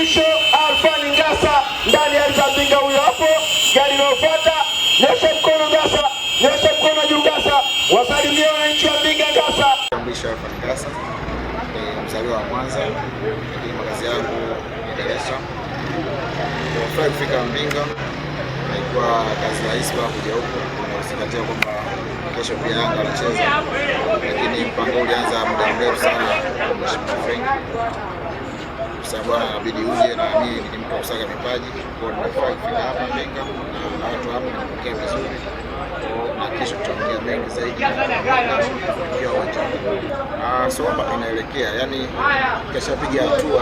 Isho ni Ngasa ndani ya Alizabinga huyo hapo. Gari inayofuata nyosha mkono Ngasa, nyosha mkono juu Ngasa, wasalimia wananchi wa Mbinga. Ngasa Mwisho ni Ngasa ni eh, mzaliwa wa Mwanza, lakini makazi yangu ni Dar es Salaam. Nimefurahi kufika Mbinga, haikuwa kazi rahisi kwa kuja huko na kuzingatia kwamba kesho pia Yanga anacheza, lakini mpango ulianza muda mrefu sana, mheshimiwa Frank kwa sababu inabidi uje na mimi ni mtu wa vipaji, kwa hiyo kufika hapa Mbinga na watu hapa wanapokea vizuri kuingia uwanjani. Ah, inaelekea yani kashapiga hatua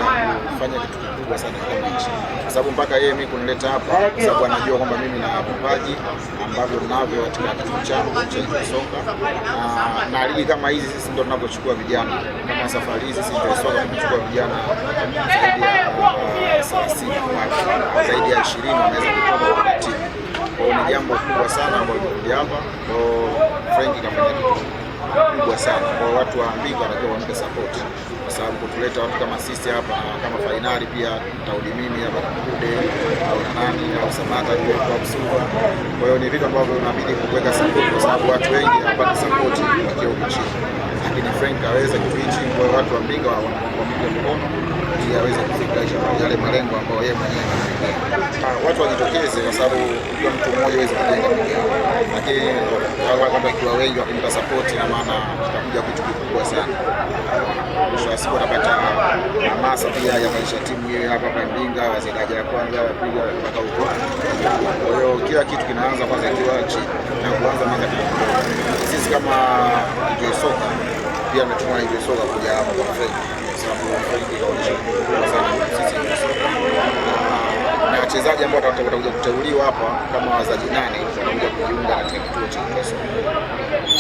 kufanya kitu kikubwa sana kama hichi, kwa sababu mpaka yeye mimi kunileta hapa, kwa sababu anajua kwamba mimi na vipaji ambavyo navyo katika kitu changu cha soka uh, na ligi kama hizi sisi ndio tunavyochukua vijana kama safari hizi sisi ndio soka tunachukua vijana zaidi ya 30 zaidi ya 20 wanaweza hapa ndio Frank kafanya kitu kubwa sana kwa watu wa Mbinga, wanatakiwa wampe support kwa sababu kutuleta watu kama sisi hapa kama fainali pia taudi mimi hapa Kude au nani au Samata kwa kusuka. Kwa hiyo ni vitu ambavyo unabidi kuweka support kwa sababu watu wengi hawapati support wakiwa chini, lakini Frank kaweza kuichi kwa watu wa Mbinga wampiga mkono ili aweze kufikisha yale malengo ambayo yeye mwenyewe anafikia watu wajitokeze, kwa sababu ukiwa mtu mmoja huwezi kujenga lakini watu wakiwa wengi wakimpa sapoti, na maana kitakuja kitu kikubwa sana. Mwisho wa siku wanapata hamasa pia ya maisha timu hiyo hapa kwa Mbinga, wazee daraja ya kwanza pili, mpaka huko. Kwa hiyo kila kitu kinaanza kwanza kiwa chini na kuanza mwanzo Sisi kama ndio soka pia tunatumia ndio soka kuja hapa kwa Fred, kwa sababu Fred kaonyesha sana sisi wachezaji ambao watakuja kuteuliwa hapa kama wazaji nane watakuja kujiunga katika kituo cha kesho.